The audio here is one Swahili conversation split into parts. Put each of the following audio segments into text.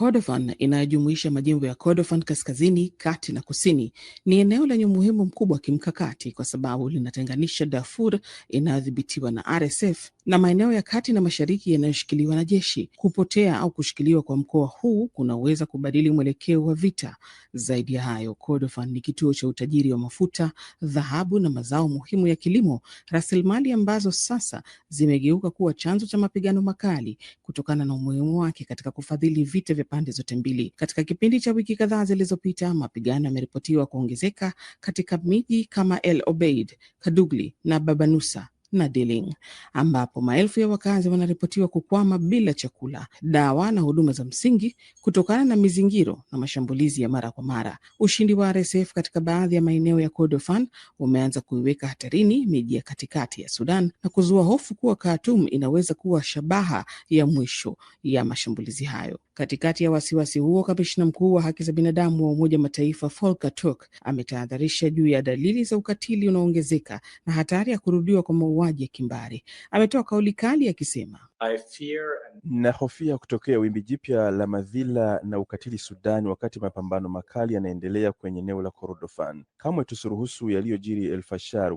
Kordofan inayojumuisha majimbo ya Kordofan kaskazini, kati na kusini ni eneo lenye umuhimu mkubwa wa kimkakati kwa sababu linatenganisha Darfur inayodhibitiwa na RSF na maeneo ya kati na mashariki yanayoshikiliwa na jeshi. Kupotea au kushikiliwa kwa mkoa huu kunaweza kubadili mwelekeo wa vita. Zaidi ya hayo, Kordofan ni kituo cha utajiri wa mafuta, dhahabu na mazao muhimu ya kilimo, rasilimali ambazo sasa zimegeuka kuwa chanzo cha mapigano makali kutokana na umuhimu wake katika kufadhili vita vya pande zote mbili. Katika kipindi cha wiki kadhaa zilizopita, mapigano yameripotiwa kuongezeka katika miji kama El Obeid, Kadugli na Babanusa na Diling ambapo maelfu ya wakazi wanaripotiwa kukwama bila chakula, dawa na huduma za msingi kutokana na mizingiro na mashambulizi ya mara kwa mara. Ushindi wa RSF katika baadhi ya maeneo ya Kordofan umeanza kuiweka hatarini miji ya katikati ya Sudan na kuzua hofu kuwa Khartoum inaweza kuwa shabaha ya mwisho ya mashambulizi hayo. Katikati ya wasiwasi huo, kamishna mkuu wa haki za binadamu wa Umoja Mataifa Volker Turk ametahadharisha juu ya dalili za ukatili unaoongezeka na hatari ya kurudiwa kwa mauaji ya kimbari. Ametoa kauli kali akisema I fear nahofia kutokea wimbi jipya la madhila na ukatili Sudani, wakati mapambano makali yanaendelea kwenye eneo la Kordofan. Kamwe tusiruhusu yaliyojiri El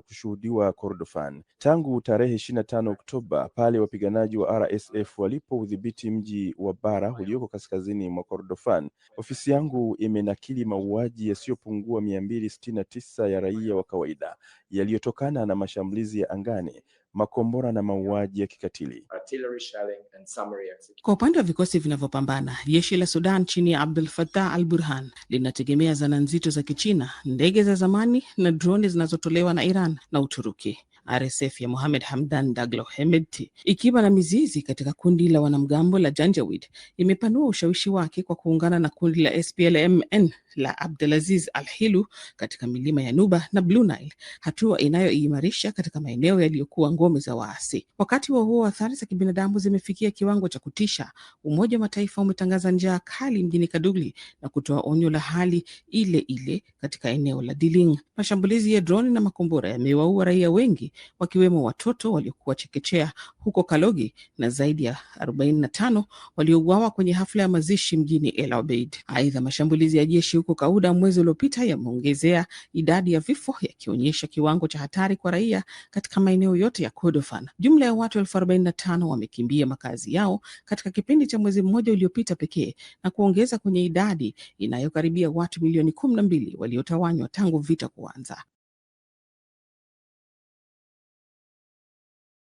kushuhudiwa Kordofan tangu tarehe 25 na tano Oktoba, pale wapiganaji wa RSF udhibiti mji wa Bara ulioko kaskazini mwa Kordofan. Ofisi yangu imenakili mauaji yasiyopungua mia mbili sitini na tisa ya raia wa kawaida yaliyotokana na mashambulizi ya angani makombora na mauaji ya kikatili. Kwa upande wa vikosi vinavyopambana, jeshi la Sudan chini ya Abdul fatah al Burhan linategemea zana nzito za Kichina, ndege za zamani na droni zinazotolewa na Iran na Uturuki. RSF ya Mohamed Hamdan Daglo Hemedti, ikiwa na mizizi katika kundi la wanamgambo la Janjawid, imepanua ushawishi wake kwa kuungana na kundi la SPLMN la Abdelaziz Al Hilu katika milima ya Nuba na Blue Nile, hatua inayoiimarisha katika maeneo yaliyokuwa ngome za waasi. Wakati wa huo, athari za kibinadamu zimefikia kiwango cha kutisha. Umoja wa Mataifa umetangaza njaa kali mjini kaduli na kutoa onyo la hali ile ile katika eneo la Diling. Mashambulizi ya droni na makombora yamewaua raia wengi, wakiwemo watoto waliokuwa chekechea huko Kalogi na zaidi ya 45 waliouawa kwenye hafla ya mazishi mjini El Obeid. Aidha, mashambulizi ya jeshi huko Kauda mwezi uliopita yameongezea idadi ya vifo yakionyesha kiwango cha hatari kwa raia katika maeneo yote ya Kordofan. Jumla ya watu elfu arobaini na tano wamekimbia makazi yao katika kipindi cha mwezi mmoja uliopita pekee na kuongeza kwenye idadi inayokaribia watu milioni kumi na mbili waliotawanywa tangu vita kuanza.